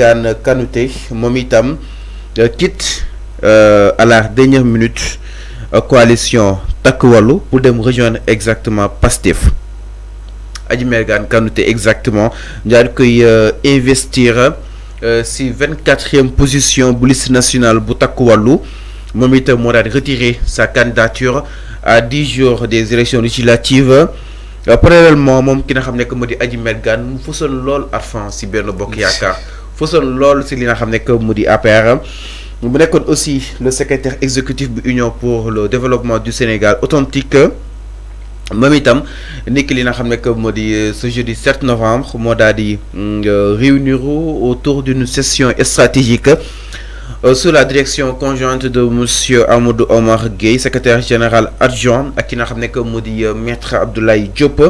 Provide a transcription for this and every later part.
Kan momitam Momitam, euh, quitte euh, à la dernière minute euh, coalition takualu pour des rejoindre exactement Pastef exactement investir si 24e position bu nationale bu Takku Wallu sa candidature à 10 jours des élections législatives parallèlement moom ki n'a pas comme que Adi nous si Fosso lool ci li nga xamné que APR mu nekkone aussi le secrétaire exécutif de Union pour le développement du Sénégal authentique Même itam li nga xamné que euh, ce jeudi 7 novembre mo dadi di mm, euh, réunir autour d'une session stratégique euh, sous la direction conjointe de monsieur Amadou Omar Gueye secrétaire général adjoint ak qui nga xam que maître Abdoulaye Diop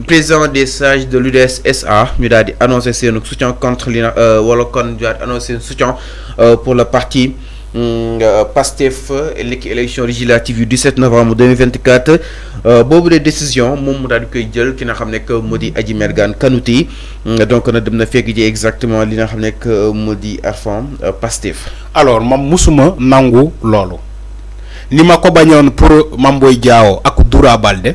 président des sages de l'UDS SA ñu annoncé seen soutien contre li euh, wala kon ñu annoncé soutien euh, pour le parti mm, euh, PASTEF léegi élection législative du 17 novembre 2024 beaucoup de décisions moom mu daal qui koy jël que nga xam nekk moo Kanouti mm, donc na dem na exactement li que xam nekk moo Arfan PASTEF. alors moom musuma nangu loolu ni ma ko je pour Mame Boye Diao ak Doura Baldé.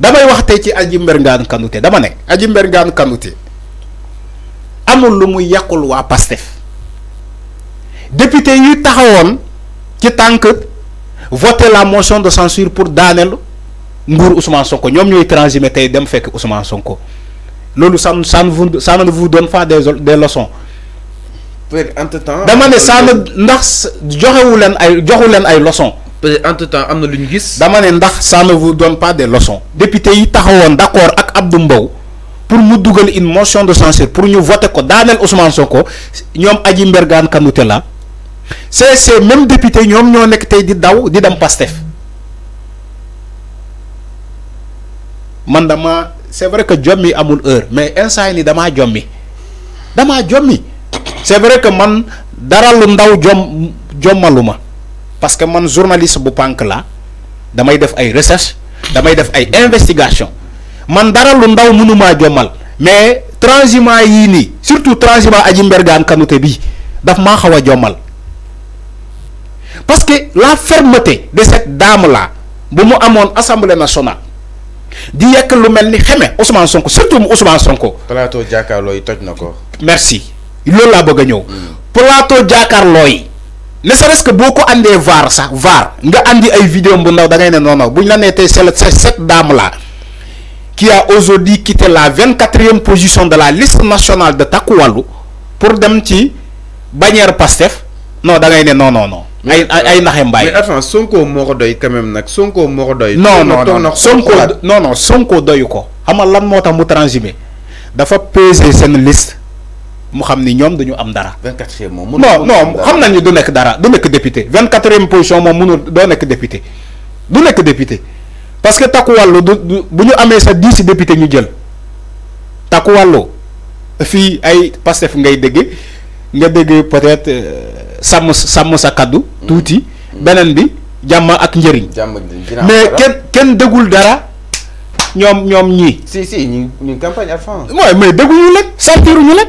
damay wax ci Adji Mbergane Kanouté dama ne Adji Kanouté amul lu muy yakul PASTEF député yu taxawone ci voté la motion de censure pour Daniel ngour Ousmane Sonko ñom ñoy Sonko ça ne vous donne pas des leçons. peut ça ndax donne ay leçons en tout temps gis. ça ne vous donne pas des leçons. député yi d'accord d'accord ak pour mu une motion de censure pour ñu voter ko Daniel Ousmane soko ñom sommes Mbergane Kanouté la c'est ces mêmes députés ñom ñoo nek tay di daw di d'am Pastef dama c'est vrai que jommi amul heure mais jommi jommi c'est vrai que man dara ndaw jom parce que mon journaliste bu pànk la damay def ay recherche damay def ay investigation man dara lu ndaw mënumaa mal, mais transhumance yi ni surtout transhumance Adji Mbergane Kanouté bi daf à xawa jomal parce que la fermeté de cette dame là bu mu mon assemblée nationale di yekk lu melni ni xeme Ousmane Sonko surtout mu Ousmane Sonko. plateau jàkkaarloo toj nako merci loolu la bëgg ñew mm. plateau jàkkaarloo ne serait-ce que boo ko indee vaar sax vaar nga àndi ay vidéo bu ndaw da ngay ne non non bu ñu la nee tey c'est cette dame là qui a aujourd'hui quitté la vingt quatrième position de la liste nationale de Takku pour dem ci bannière Pastef non da ngay ne non non non. ay ay naxe euh, Sonko moo ko doy quand nag Sonko moo ko doy. noo non non Sonko doyu ko. xam lan moo tax mu transhumé dafa peser seen liste. mu xam ni ñoom dañu am dara. 24e moom non non xam nañu du nek dara du nek député 24e position mom mënul do nek député du nek député parce que taku wàllu buñu amé sa 10 député ñu jël taku wàllu fi ay pastef ngay dégg nga dégg peut-être euh, sam sam sa kaddu. Mm-hmm. touti mm-hmm. benen bi jàmm ak njëriñ. mais ken ken dégul dara. ñom ñom ñi si si ñi campagne à fond. mais lek leen ñu lek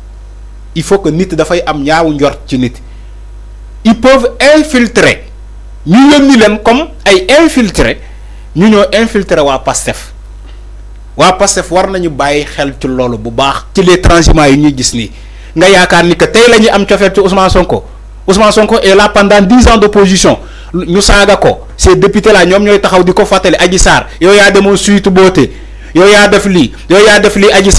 il faut que nit fay am ñaawu ñor ci nit ils peuvent infiltrer ñu yónni comme ay infiltré ñu ñoo infiltrer wa PASTEF wa PASTEF war nañu bàyyi xel ci loolu bu baax ci les yi ñuy gis ni nga yaakaar ni que tey la am ci Ousmane Sonko Ousmane Sonko est là pendant 10 ans d'opposition ñu saaga ko ces députés là ñoom ñooy taxaw di ko Adji yow yaa demoon suite boote yow yaa def lii yow yaa def lii Adji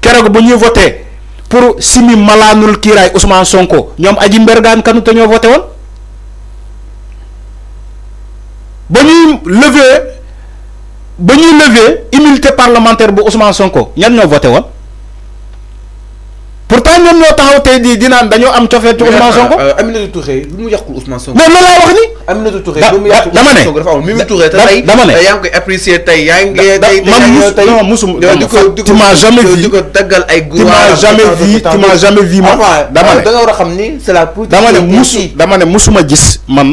keroog bu ñuy voter pour simi malaanul kiiraay Ousmane Sonko ñoom aji mbergaan kanu te ñoo voté woon ba ñuy lever ba ñuy lever immunité parlementaire bu Ousmane Sonko ñan ñoo voté woon. pour ñoom ñoo taxaw tey jii di naan dañoo am cofeel ci Ousmane Sonko. Euh, euh, Aminata Touré lu mu yàqul Ousmane Sonko. mais loolu laa wax ni. Aminata Touré lu mu yàqul Ousmane Sonko dafa am Mimi Touré. dama ne dama ne yaa ngi ma. dama a xam ni c'est la. ne musu dama ne man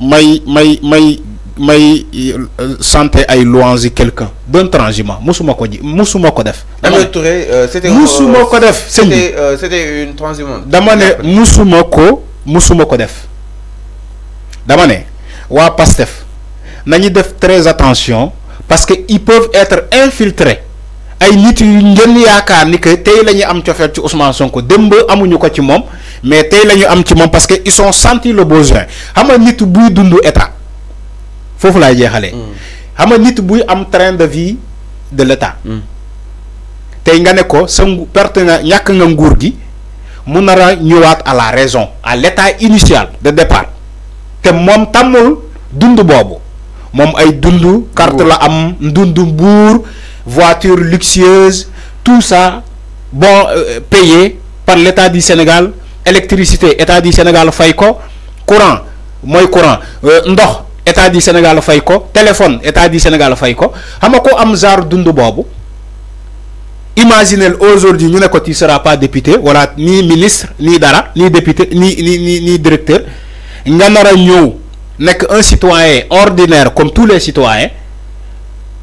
may may may may euh, santé ay louange quelqu'un d'un transhumant musuma ko ji musuma ko def. dama ne euh, musuma ko def. Euh, c'était une transhumance. dama né musuma ko musuma ko def dama né wa PASTEF def très attention parce que ils peuvent être infiltrés ay nit yu ngeen yaakaar ni que tey lañu ñu am tu ci Ousmane Sonko démb amuñu ko ci moom mais tey lañu am ci parce que ils sont senti le besoin xam nga nit buy dund état foofu laay jeexalee. Mm. xam nit buy am train de vie de l'état mm. tay nga ne ko sa perte nga nga nguur gi mu ñëwaat à la raison à l'état initial de départ te moom tamul dund boobu moom ay dund carte la am dund buur voiture luxueuse tout ça bon euh, payé par l'état du Sénégal électricité état du Sénégal fay ko courant mooy courant euh, ndox état du Sénégal fay ko téléphone état du Sénégal fay ko xamako am genre dund bobu imaginez aujourd'hui ñu ne ko tu sera pas député voilà ni ministre ni dara ni député ni ni ni ni directeur nga nara a nek un citoyen ordinaire comme tous les citoyens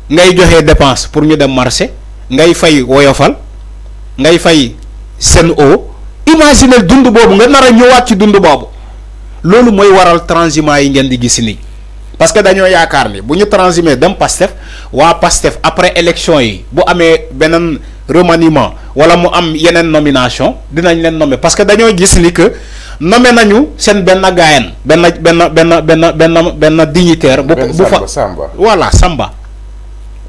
ngay joxé dépense pour ñu dem marché ngay fay woyofal ngay fay seen o imaginez dund bobu nga nara a ñëwaat ci dund bobu lolu waral transhumance yi ngeen di gis parce que dañoo yaakaar ni bu ñu transhumé dem Pastef wa Pastef après élection yi bu amé benen remaniement wala mu am yenen nomination dinañ leen nommer parce que dañoo gis ni que nommé nañu sen benn gaayen ben ben ben ben ben benn dignitaire. bu bu fa Samba voilà Samba.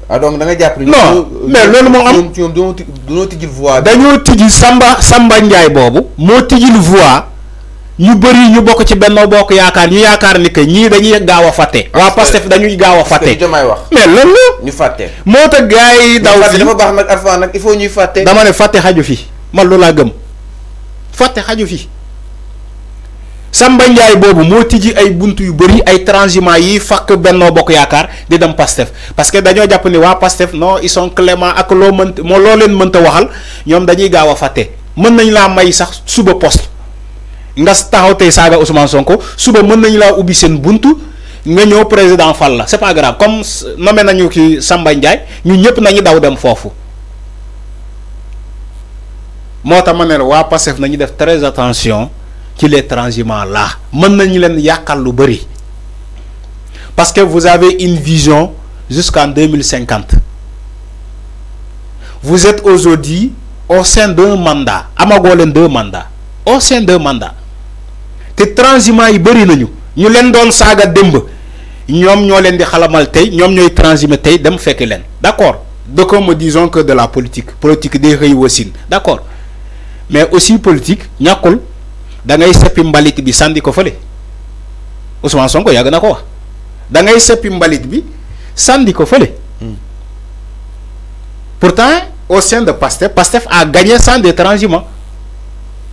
ah donc da nga japp ni. non mais lolu mo am dañoo tijjil voix dañoo tijjil Samba Samba Ndiaye boobu moo tijjil voix. ñu bëri ñu bokk ci Benno Bokk Yaakaar ñu yaakaar ni que ñii dañuy gaawa fàtte. waa Pastef dañuy gaaw a fàtte. mais loolu la. ñu fàtte. moo tax gars yi daw fii dafa baax nag ñuy fàtte. dama ne fàtte xaju fi man loolu laa gëm fàtte xaju fi Samba Ndiaye boobu moo tijji ay bunt yu bëri ay transhumants yi fakk Benno Bokk Yaakaar di dem Pastef parce que dañoo jàpp ni waa Pastef no ils sont ak loo mënta moo loo leen mënta waxal ñoom dañuy gaaw a fàtte mën nañ laa may sax suba poste. nga taxaw tey saaga Ousmane Sonko suba mën nañu laa ubbi seen buntu nga ñëw président Fall la c'est pas grave comme nommé nañu ki Samba Ndiaye ñu ñëpp nañu daw dem fofu mota tax wa passef la nañu def très attention ci les transhumants là mën nañu leen yàqal lu bari parce que vous avez une vision jusqu'en 2050 vous êtes aujourd'hui au sein d'un mandat amago leen deux mandats au sein d'un mandat te transhumants yi bari nañu ñu leen doon saaga démb ñom ñoo leen di xalamal tey ñom ñoy transhumer tey dem fekk leen d'accord de comme disons que de la politique politique des xëy wasin d'accord mais aussi politique ñakul da ngay seppi mbalit bi sànni ko fële Ousmane Sonko yag na ko wax da ngay seppi mbalit bi sànni ko fële hmm. pourtant au sein de PASTEF PASTEF a gagné sans des transhumants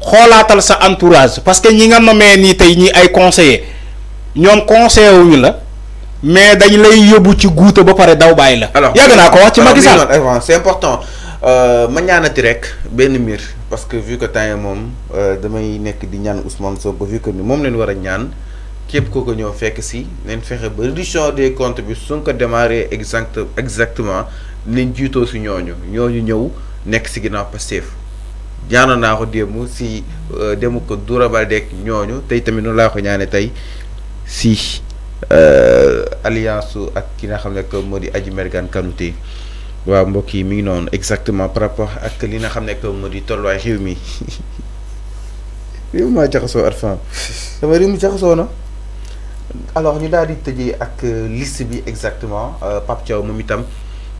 xoolaatal sa entourage parce que ñi nga nomee nii tey ñi ay conseiller ñoom conseiller wuñu la mais dañu lay yóbbu ci guuta ba pare daw bàyyi la. alors yàgg naa ko wax ci Macky Sall c'est important euh, ma ñaanati rek benn mbir parce que vu que temps moom euh, damay nekk di ñaan Ousmane Sonko vu que ni moom leen war a ñaan képp koo ko ñëw fekk si leen fexe ba réduction des comptes bi suñ ko démarré exact exactement nañ jiitoo si ñooñu ñooñu ñëw nekk si ginnaaw Pastef jaanoon naa ko démb si euh, démb ko Doura Baldé ñooñu tey tamit noonu laa ko ñaane tey si euh, alliance su ak ki nga xam ne ko moo di Aji Mergane Kanouté waaw mbokk yi mi ngi noonu exactement par rapport ak li nga xam ne moo di tolluwaay réew mi réew maa jaxasoo Arfan sama réew mi jaxasoo na alors ñu daal di tëjee ak euh, liste bi exactement Pape moom itam.